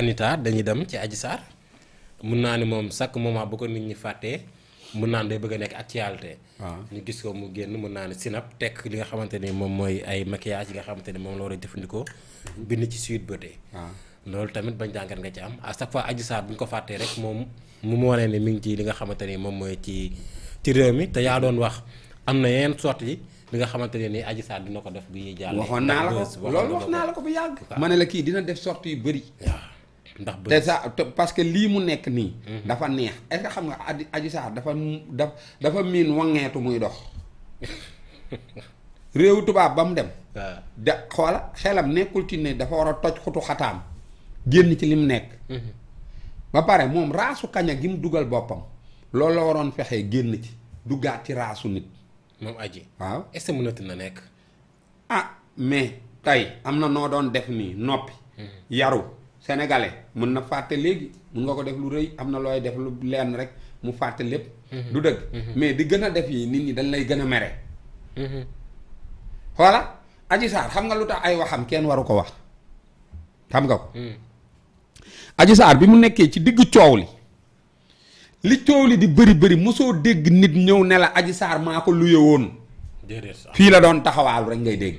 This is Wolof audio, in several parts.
Anita dañuy dem ci Adji Sarr mun naa ne moom chaque moment bu ko nit ñi fàttee mun naa ne day bëgg a nekk actualité. ñu gis ko mu génn mun naa ne sinap tekk li nga xamante ni moom mooy ay maquillage yi nga xamante ni moom la war a jëfandikoo bind ci Sweet Beauté. loolu tamit bañ jàngat nga ci am à sa fois Adji Sarr bu ñu ko fàttee rek moom mu mu wane ne mi ngi ci li nga xamante ni moom mooy ci ci réew mi te yaa doon wax am na yeneen yi li nga xamante ne nii Adji Sarr dina ko def bi ñuy jàll. kii dina def sorties yu bëri. ndax te sa parce que lii mu nekk nii. Mhm. dafa neex est xam nga Adji Adji saa dafa dafa dafa miin wangeetu muy dox réew tubaab ba mu dem. da xoola xelam nekkul ci ne dafa war a toj xutu xataam génn ci li mu nekk. Mhm. ba pare moom raasu kaña gi mu dugal boppam loolu la waroon fexee génn ci duggaat ci raasu nit. moom Adji. waaw est-ce que mënati na nekk. ah mais tey am na noo doon def nii noppi. Mhm. yaru. sénégalais mën na fàtte léegi mun nga ko def lu rëy am na looy def lu lenn rek mu fàtte lépp. Mhm. du dëgg. Mhm. mais di gën a def yi nit ñi dañ lay gën a mere. Mhm. voilà Adji Sarr xam nga lu tax ay waxam kenn waru ko wax xam nga ko. Adji bi mu nekkee ci diggu coow li li coow li di bëri bëri mosoo dégg nit ñëw ne la Adji Sarr maa ko luye woon. fii la doon taxawaalu rek ngay dégg.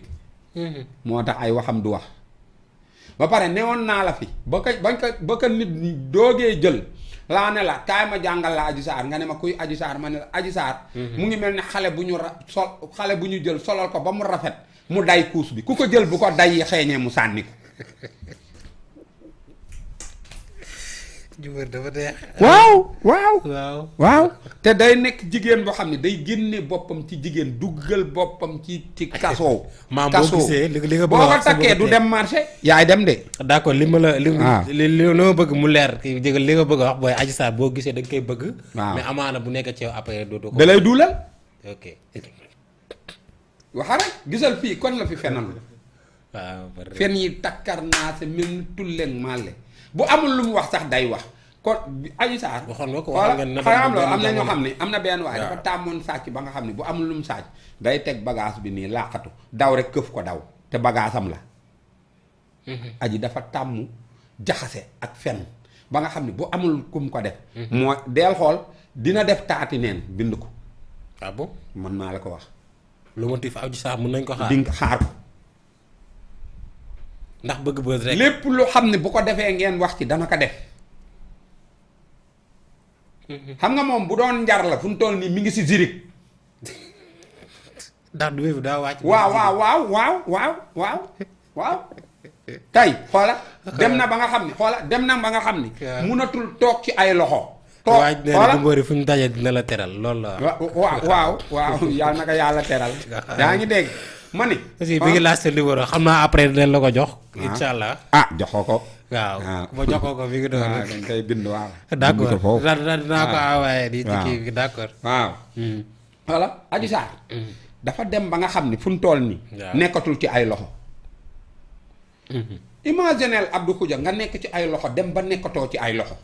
moo tax ay waxam du wax. ba pare woon naa la fi ba ka bañ ko ba ka nit doogee jël laa ne la kaay ma jàngal la Adji Sarr nga ne ma kuy Adji Sarr ma ne la Adji mhm. mu ngi mel ni xale bu ñu ra sol xale bu ñu jël solal ko ba mu rafet mu day kuus bi ku ko jël bu ko day xeeñee mu sànni ko jubóor dafa neex. waaw waaw. waaw te day nekk jigéen boo xam ne day génne boppam ci jigéen duggal boppam ci ci kaso. maam boo gisee li nga bëgg a wax boo ko takkee du dem marché. yaay dem de. d'accord li ma la li ah. ma bëgg mu leer kii li nga bëgg a wax boo gisee da koy bëgg. amaana bu nekk ci yow après doo ko. da gisal fii kon la fi fenal waaw fen yi takkar naa sa mel ni tulleeg maale bu amul lu mu wax sax day wax. kon aju Sarr waxoon nga ko waxoon nga am la na ñoo xam ne am na benn waaye dafa tàmmoon sàcc ba nga xam ne bu amul lum sàcc day teg bagage bi nii làqatu daw rek ko daw te bagage la mhm. aji dafa tàmm jaxase ak fenn ba nga xam ne bu amul kum ko def mhm. moo xool dina def taati neen bind ko ah bon man maa ko wax lu motif nañ ko xaar dinga ndax bëgg bëgg rek lépp lu xam ne bu ko defee ngeen wax ci dana ko def Mhm. xam nga moom bu doon njar la fu mu toll nii mu ngi si Zurich. ndax du wéy waaw waaw waaw waaw waaw waaw xoola dem na ba nga xam ni xoola dem na ba nga xam ni. munatul toog ci ay loxo. toog xoola waaj waaw waaw waaw yàlla naka yàlla teral. yaa ngi dégg. ma ni. aussi bi ngi laajte numéro xam naa après de la ko jox. Ah. incha allah ah joxoo ko. waaw ah. ko mi ngi doon. waaw ah, dañ koy waaw. d' accord dinaa ko waaw. Hmm. voilà Adji hmm. dafa dem ba nga xam ni fu mu toll nii. nekkatul ci ay loxo. Hmm. imaginel Abdou Khoudia nga nekk ci ay loxo dem ba nekkatoo ci ay loxo.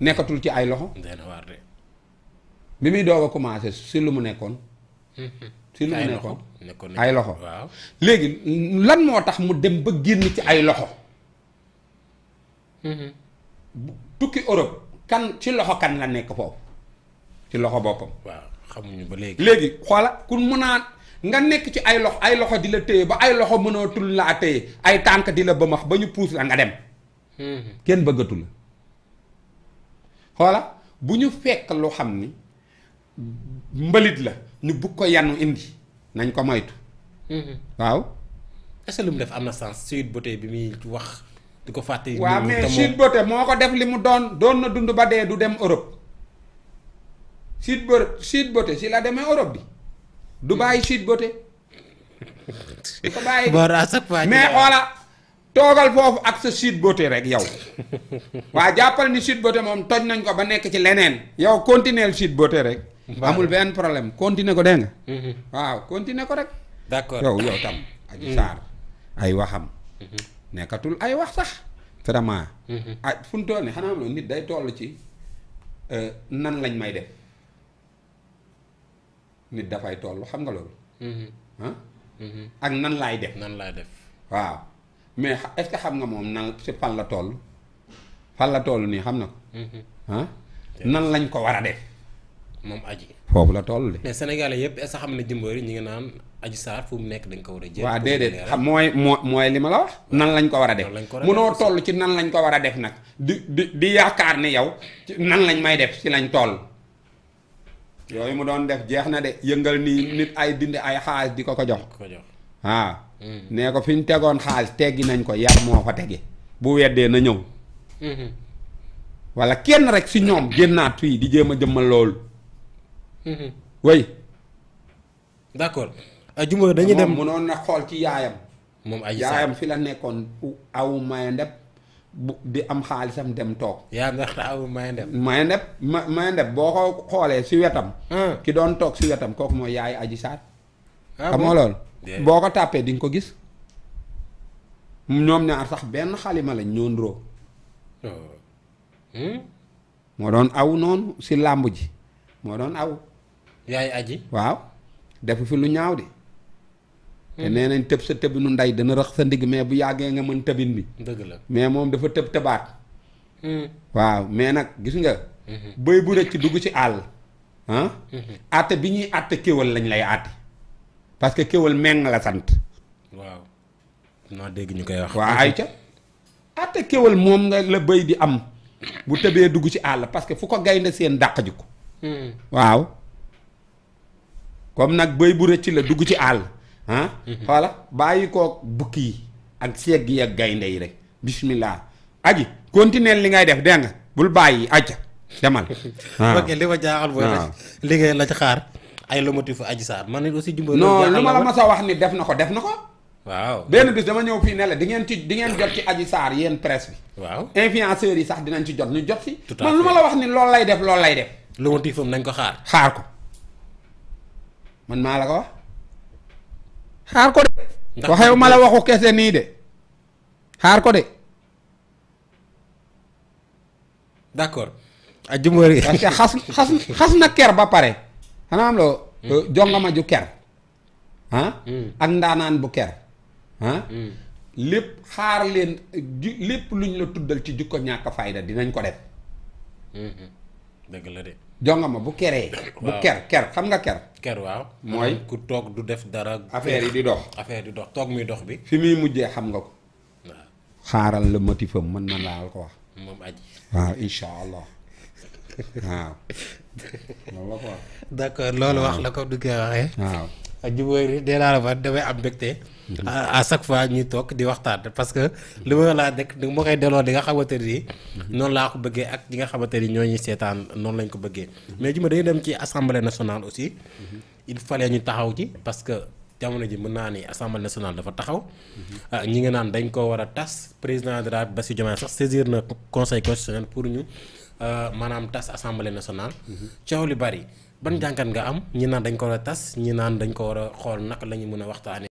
nekkatul ci ay loxo. bi muy doog a commencé si lu mu nekkoon. ci lu mu nekkoon ay loxo waaw léegi lan moo tax mu dem ba génn ci ay loxo mhm. tukki Europe kan ci loxo kan la nekk foofu ci loxo boppam waaw xamuñu ba léegi léegi xoola ku mën a nga nekk ci ay loxo ay loxo di la téye ba ay loxo mënatul laa téye ay tànk di la bëmax ba ñu puus la nga dem mhm. kenn bëggatu la xoola bu ñu fekk lu xam ni mbalit la ñu bugg ko yanu indi nañ ko moytu. Mhm. waaw. est-ce def am na sens Sweet Beauté bi muy wax di ko fàtte. waaw mais Sweet moo ko def li mu doon doon na dund ba dee du dem Europe. Sweet Beauté Sweet si la demee Europe bi. du bàyyi mhm. Sweet Beauté. du ko bàyyi mais xoola toogal foofu ak sa Sweet Beauté rek yow. waa jàppal ni Sweet Beauté moom toj nañ ko ba nekk ci leneen. yow continuer Sweet Beauté rek. amul benn problème continuer ko dégg nga. Mhm. waaw continuer ko rek. d'accord yow yow tam. ak mhm. Sarr ay waxam. Mhm. nekkatul ay wax sax. vraiment. ah fu mu toll nii xanaa loolu nit day tollu ci euh, nan lañ may def nit dafay toll xam nga loolu. ah. ak nan laay def. nan laay def waaw. mais est-ce xam nga moom nan si fan la toll fan la toll nii xam na ko. nan lañ ko war a def. moom aji. foofu la toll de. mais sénégalais yëpp est-ce que xam ne Jimbori ñu naan aji saar fu nekk dañ ko war a jël. waaw déedéet xam mooy mooy li ma la wax. nan lañ ko war a def munoo toll ci nan lañ ko war a def nag di di di yaakaar ni yow nan lañ may def ci lañ toll. yooyu mu doon def jeex na de yëngal nii nit ay dindi ay xaalis di ko ko jox. jox waaw. Hmm. nee ko fi ñu tegoon xaalis teggi nañ ko yar moo fa tege bu weddee na ñëw. Hmm. wala kenn rek si ñoom génnaat fii di jéem a jëmmal loolu. way mhm. d' accord. ajuma euh, dañuy dem moom mënoon na xool ci yaayam. moom ay yaayam fi la nekkoon aw Mayendeb bu di am xaalisam dem toog. yaa ndax awu Mayendeb. Mayendeb ma Mayendeb boo ko xoolee si wetam. Hmm. ki doon toog si wetam kooku mooy yaay aji saat. Ah, xam loolu. boo ko tàppee di nga ko gis. ñoom ñaar sax benn xalima lañ ñoo ndróo oh. hmm? moo doon aw noonu si làmb ji moo doon aw. yaay aji waaw defu fi lu ñaaw de. te nee nañ tëb sa tëbinu ndey dana rax sa ndigg mais bu yàggee nga mën tëbin bi. dëgg la mais moom dafa tëb tëbaat. Hmm. waaw mais nag gis nga. Hmm. bëy bu rëcc dugg ci àll. ah. àtte hmm. bi ñuy àtte kéwal lañ lay àtte. parce que kéwal meng la sant. waaw. naa dégg ñu koy wax. waaw ayca. àtte kéwal moom nga la bëy di am. bu tëbee dugg ci àll parce que fu ko gaynde seen dàq ji ko. waaw. comme nag bëy bu rëcc la dugg ci àll ah mhm. voilà bàyyi kook bukki yi ak segg yi ak gaynde yi rek bismillah yi continuer li ngay def dégg nga bul bàyyi acca demal ok li ma jaaxal mooy liggéey la ci xaar ay lomotif aji saar man aussi jumba non lu ma la mas a wax ni def na ko def na ko waaw benn bis ne la di ngeen ci di ngeen jot ci aji saar yéen presse bi waaw influenceurs yi sax dinañ ci jot ñu jot si man lu ma la wax ni loolu lay def loolu lay def lomotifam nañ ko xaar xaar ko man maa la ko xaar ko de waxew ma la waxu kese nii de xaar ko de d'accord a jumbori parce xas xas na ker ba pare xanaa am loo hmm. euh, jongama ju ker ah hmm. ak ndaanaan bu ker ah hmm. lépp xaar leen lépp luñ la tuddal ci jukko ñàkk fayda dinañ ko def dëgg jongama bu keree. bu ker ker xam nga ker. ker waaw. mooy ku toog du def dara. affaire yi di dox. affaire di dox toog muy dox bi. fi muy mujjee xam nga ko. xaaral la motifam mën na laal ko wax. moom aji. waaw incha allah waaw. loolu la ko wax. loolu wax la ko duggee waxee. waaw. jubóoy dee naa la fa damay am mbégte. Mm-hmm. à chaque fois ñuy toog di waxtaan parce que li ma laaj rek ni ma koy delloo di nga xamante ni mm-hmm. noonu laa ko bëggee ak ñi nga xamante ni ñoo ñi seetaan noonu lañ ko bëggee. Mm-hmm. mais juma dañuy dem ci assemblée nationale aussi. il fallait ñu taxaw ji parce que jamono ji mën naa ni assemblée nationale dafa taxaw. Ah, ñi nga naan dañ koo war a tas président de la Bassirou Diomaye sax saisir na conseil constitutionnel pour ñu euh, maanaam tas assemblée nationale. coow li bari. ban jànkat nga am ñi naan dañ ko war a tas ñi naan dañ ko war a xool nag la ñu mën a waxtaanee.